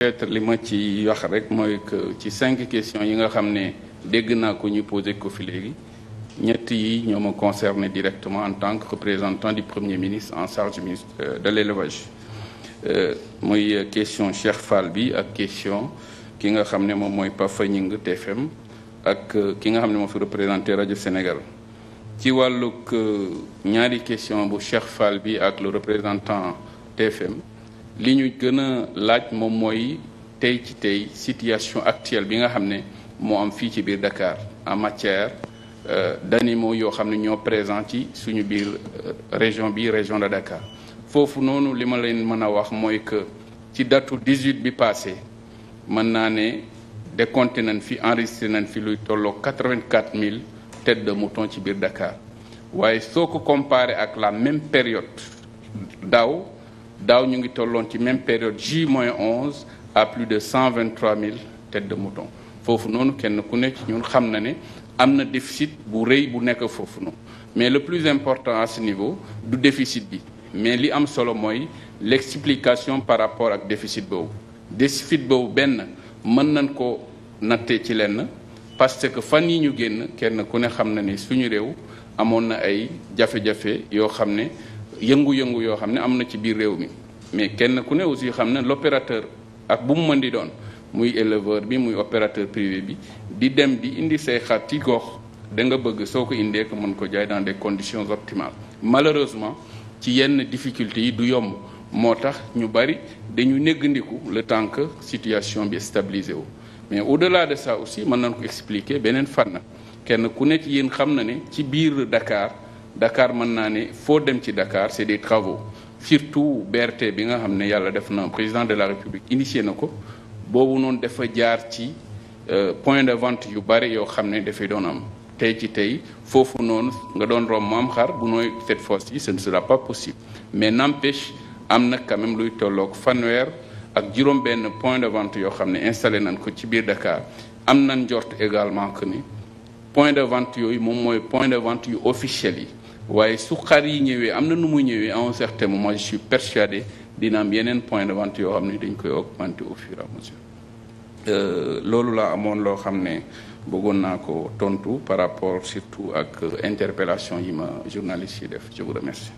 peut-être li ma ci wax rek mooy que ci cinq questions yi nga xam ne dégg naa ko ñu posé ko fi léegi ñett yi ñoo ma concerné directement en tant que représentant du premier ministre en charge ministre euh, de l'élevage euh, mooy question Cheikh Fall bi ak question ki nga xam ne moom mooy Pafa Ñing TFM ak euh, ki nga xam ne moo fi représenté rajo Sénégal ci wàllug ñaari question bu Cheikh Fall bi ak le représentant TFM li ñu gën a laaj moom mooy tey ci tey situation actuelle bi nga xam ne moo am fii ci biir Dakar en matière euh, d'animaux yoo xam ne ñoo présent ci suñu biir euh, région bi région de Dakar foofu noonu li ma leen mën a wax mooy que ci datu 18 bi passé mën naa ne décompté nañ fi enregistré nañ fi luy tolloo 84 000 têtes de mouton ci biir Dakar waaye soo ko comparé ak la même période daaw daaw ñu ngi tolloon ci même période J moins onze à plus de 123 000 têtes de mouton foofu noonu kenn ku ne ci ñun xam na ne am na déficit bu rëy bu nekk foofu noonu mais le plus important à ce niveau du déficit bi mais li am solo mooy l'explication par rapport ak déficit boobu déficit boobu benn mën nañ ko nattee ci lenn parce que fan yi ñu génn kenn ku ne xam na ni suñu réew amoon na ay jafe-jafe yoo xam ne yëngu-yëngu yoo xam ne am na ci biir réew mi mais kenn ku ne aussi xam na l'opérateur ak bu mu mën di doon muy éleveur bi muy opérateur privé bi di dem di indi say xar ci gox da bëgg soo ko indee ko mën ko jaay dans des conditions optimales malheureusement ci yenn difficultés yi du yomb moo tax ñu bari dañu néggandiku le temps situation bi stabilisé wu mais au-delà de ça aussi mën nañ ko expliquer beneen fànn kenn ku ne ci yéen xam na ne ci biir dakaar Dakar mën naa ne foo dem ci dakaar c'est des travaux surtout BRT bi nga xam ne yàlla def na président de la République initié na ko boobu noonu defa jaar ci euh, point de vente yu bari yoo xam ne dafay doon am tey ci tey foofu noonu nga doon romb mu am xar bu nooy cette fois-ci ce ne sera pas possible mais n'empêche am na quand luy tolloog fanweer ak juróom-benn point de vente yoo xam ne installé nañ ko ci biir Dakar am nañ njort également que ni point de vente yooyu moom mooy point de vente yu officiel yi. waaye su xar yi ñëwee am na nu muy ñëwee à un certain moment je suis persuadé dina am yeneen point de vente yoo xam ne dañ koy augmenter au fur et à mesure euh, loolu laa amoon loo xam ne bëggoon naa ko tontu par rapport surtout ak euh, interpellation yi ma journaliste yi def je vous remercie